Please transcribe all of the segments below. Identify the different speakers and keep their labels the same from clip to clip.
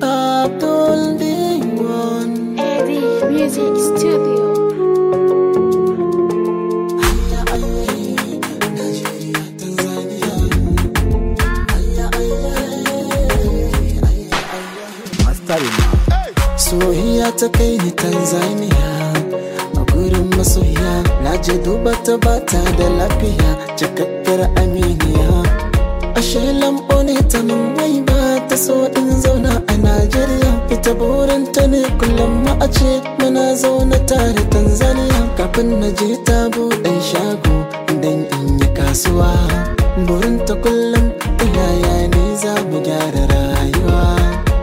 Speaker 1: Up one. Heavy Music Studio. Sohiya ta kai ni Tanzania a gurin na je duba bata da lafiya aminiya ashe lambo ne ta nan ba ta so in zauna a Najeriya ita burin ta ne kullum ma a ce muna zauna tare Tanzania kafin na je ta buɗe shago dan in yi kasuwa burinta kullum ta yaya ne za mu gyara rayuwa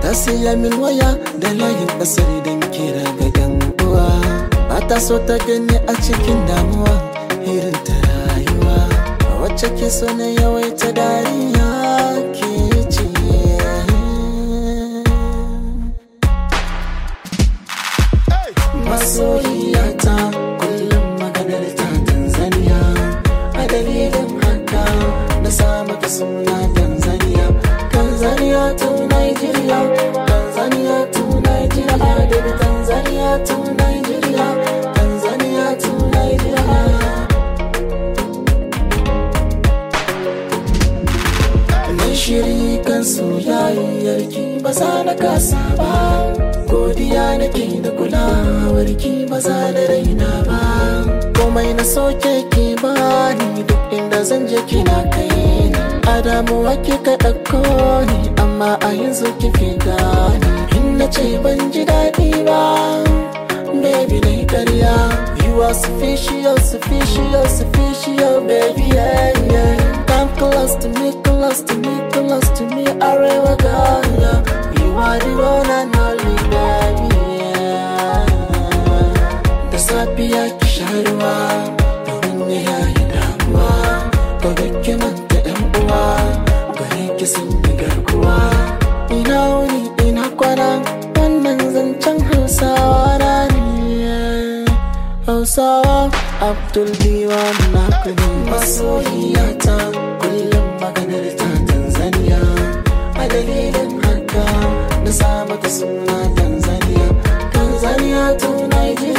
Speaker 1: ta siya min waya da layin kasar dan kira ga yan uwa ba ta so ta gani a cikin damuwa irin ta rayuwa wacce ke so na yawaita dariya masoyiya ta kullum maganar ta Tanzania a dalilin haka na samu ka suna Tanzania Tanzania to Nigeria Tanzania to Nigeria daga Tanzania to Nigeria Tanzania to Nigeria Na shiri kan soyayyarki ba sa na kasa ba godiya nake da ki ba za da raina ba komai na soke ki ni duk inda zan je kina kai ni a damuwa ki ka ɗauko ni amma a yanzu ki fi gani in na ce ban ji daɗi ba baby na yi ƙarya you are sufficient sufficient sufficient hikimar da ɗan uwa gare ki sun yi garkuwa ina wuni ina kwana wannan zancen hausawa rani hausawa abdul diwan na kudu masoyiya ta kullum maganar ta tanzania a dalilin haka na sa mata suna tanzania tanzania to nigeria